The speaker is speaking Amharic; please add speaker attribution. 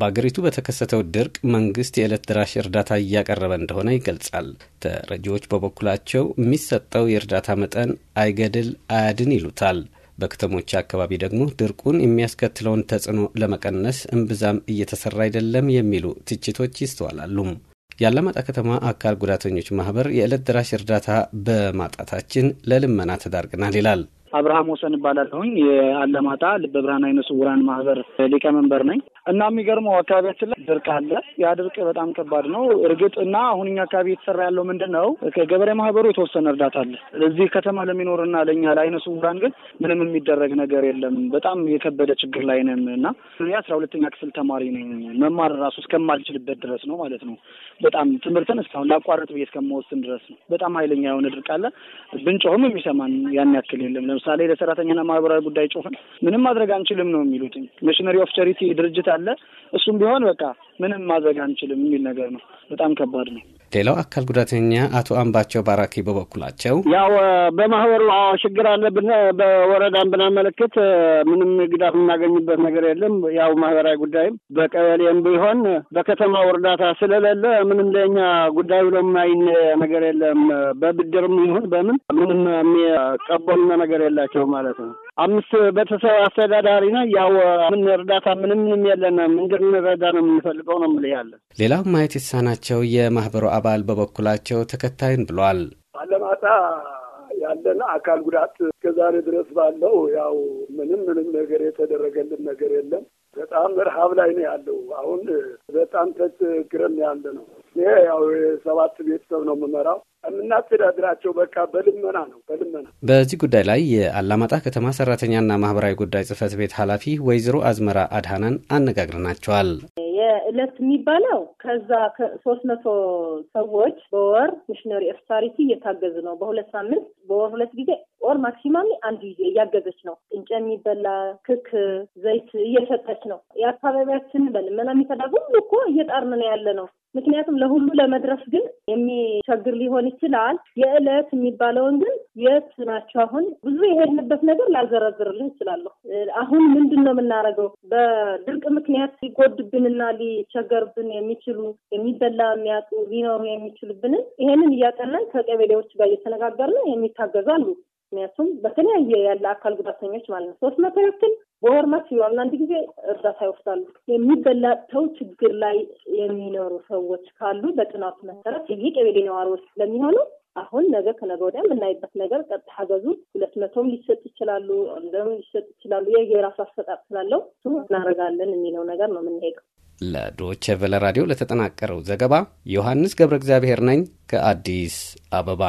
Speaker 1: በአገሪቱ በተከሰተው ድርቅ መንግስት የዕለት ድራሽ እርዳታ እያቀረበ እንደሆነ ይገልጻል። ተረጂዎች በበኩላቸው የሚሰጠው የእርዳታ መጠን አይገድል አያድን ይሉታል። በከተሞች አካባቢ ደግሞ ድርቁን የሚያስከትለውን ተጽዕኖ ለመቀነስ እምብዛም እየተሰራ አይደለም የሚሉ ትችቶች ይስተዋላሉ። የአላማጣ ከተማ አካል ጉዳተኞች ማህበር የዕለት ድራሽ እርዳታ በማጣታችን ለልመና ተዳርገናል ይላል።
Speaker 2: አብርሃም ወሰን እባላለሁኝ የአለማጣ ልበ ብርሃን አይነ ስውራን ማህበር ሊቀመንበር ነኝ። እና የሚገርመው አካባቢያችን ላይ ድርቅ አለ። ያ ድርቅ በጣም ከባድ ነው እርግጥ እና አሁን እኛ አካባቢ የተሰራ ያለው ምንድን ነው? ከገበሬ ማህበሩ የተወሰነ እርዳታ አለ። እዚህ ከተማ ለሚኖርና ለእኛ ለአይነ ስውራን ግን ምንም የሚደረግ ነገር የለም። በጣም የከበደ ችግር ላይ ነን እና እኔ አስራ ሁለተኛ ክፍል ተማሪ ነኝ። መማር ራሱ እስከማልችልበት ድረስ ነው ማለት ነው። በጣም ትምህርትን እስካሁን ላቋረጥ ብዬ እስከማወስን ድረስ ነው። በጣም ኃይለኛ የሆነ ድርቅ አለ። ብንጮህም የሚሰማን ያን ያክል የለም። ለምሳሌ ለሰራተኛና ማህበራዊ ጉዳይ ጮህን ምንም ማድረግ አንችልም ነው የሚሉት። መሽነሪ ኦፍ ቸሪቲ ድርጅት አለ። እሱም ቢሆን በቃ ምንም ማድረግ አንችልም የሚል ነገር ነው። በጣም ከባድ ነው።
Speaker 1: ሌላው አካል ጉዳተኛ አቶ አምባቸው ባራኪ በበኩላቸው
Speaker 2: ያው በማህበሩ ችግር አለብን፣ በወረዳን ብናመለክት ምንም ግዳፍ የምናገኝበት ነገር የለም። ያው ማህበራዊ ጉዳይም በቀበሌም ቢሆን በከተማው እርዳታ ስለሌለ ምንም ለኛ ጉዳይ ብሎ የማይን ነገር የለም። በብድርም ይሁን በምን ምንም የሚቀበሉ ነገር የለም። የላቸው ማለት ነው። አምስት ቤተሰብ አስተዳዳሪ ነ ያው ምን እርዳታ ምንም ምንም የለንም። እንድንረዳ ነው የምንፈልገው ነው ምል ያለ።
Speaker 1: ሌላው ማየት የተሳናቸው የማህበሩ አባል በበኩላቸው ተከታይን ብሏል።
Speaker 2: አለማጣ ያለን አካል ጉዳት እስከዛሬ ድረስ ባለው ያው ምንም ምንም ነገር የተደረገልን ነገር የለም። በጣም ረሃብ ላይ ነው ያለው። አሁን በጣም ተቸግረን ያለ ነው። ይሄ ያው የሰባት ቤተሰብ ነው የምመራው። የምናስተዳድራቸው በቃ በልመና ነው በልመና።
Speaker 1: በዚህ ጉዳይ ላይ የአላማጣ ከተማ ሰራተኛና ማህበራዊ ጉዳይ ጽህፈት ቤት ኃላፊ ወይዘሮ አዝመራ አድሃናን አነጋግረናቸዋል።
Speaker 3: የእለት የሚባለው ከዛ ከሶስት መቶ ሰዎች በወር ሚሽነሪ ኦፍ ቻሪቲ እየታገዝ ነው። በሁለት ሳምንት በወር ሁለት ጊዜ ወር ማክሲማም አንድ ጊዜ እያገዘች ነው። ጥንጨ የሚበላ ክክ፣ ዘይት እየሰጠች ነው። የአካባቢያችን በልመና የሚተዳጉ ሁሉ እኮ እየጣርን ነው ያለ ነው። ምክንያቱም ለሁሉ ለመድረስ ግን የሚቸግር ሊሆን ይችላል። የእለት የሚባለውን ግን የት ናቸው? አሁን ብዙ የሄድንበት ነገር ላልዘረዝርልህ እችላለሁ። አሁን ምንድን ነው የምናደርገው? በድርቅ ምክንያት ሊጎድብንና ሊቸገርብን የሚችሉ የሚበላ የሚያጡ ሊኖሩ የሚችሉብንን ይሄንን እያጠናን ከቀበሌዎች ጋር እየተነጋገርን የሚታገዛሉ ምክንያቱም በተለያየ ያለ አካል ጉዳተኞች ማለት ነው ሶስት መቶ ያክል በወር ማክሲመም አንዳንድ ጊዜ እርዳታ ይወስዳሉ። የሚበላተው ችግር ላይ የሚኖሩ ሰዎች ካሉ በጥናቱ መሰረት ይህ ቀበሌ ነዋሪዎች ስለሚሆኑ አሁን ነገ ከነገ ወዲያ የምናይበት ነገር ቀጥ ሀገዙ ሁለት መቶም ሊሰጥ ይችላሉ፣ አንድም ሊሰጥ ይችላሉ። የራሱ አሰጣጥ ስላለው እሱ እናደርጋለን የሚለው ነገር ነው የምንሄደው።
Speaker 1: ለዶቼ ቬለ ራዲዮ ለተጠናቀረው ዘገባ ዮሐንስ ገብረ እግዚአብሔር ነኝ ከአዲስ አበባ።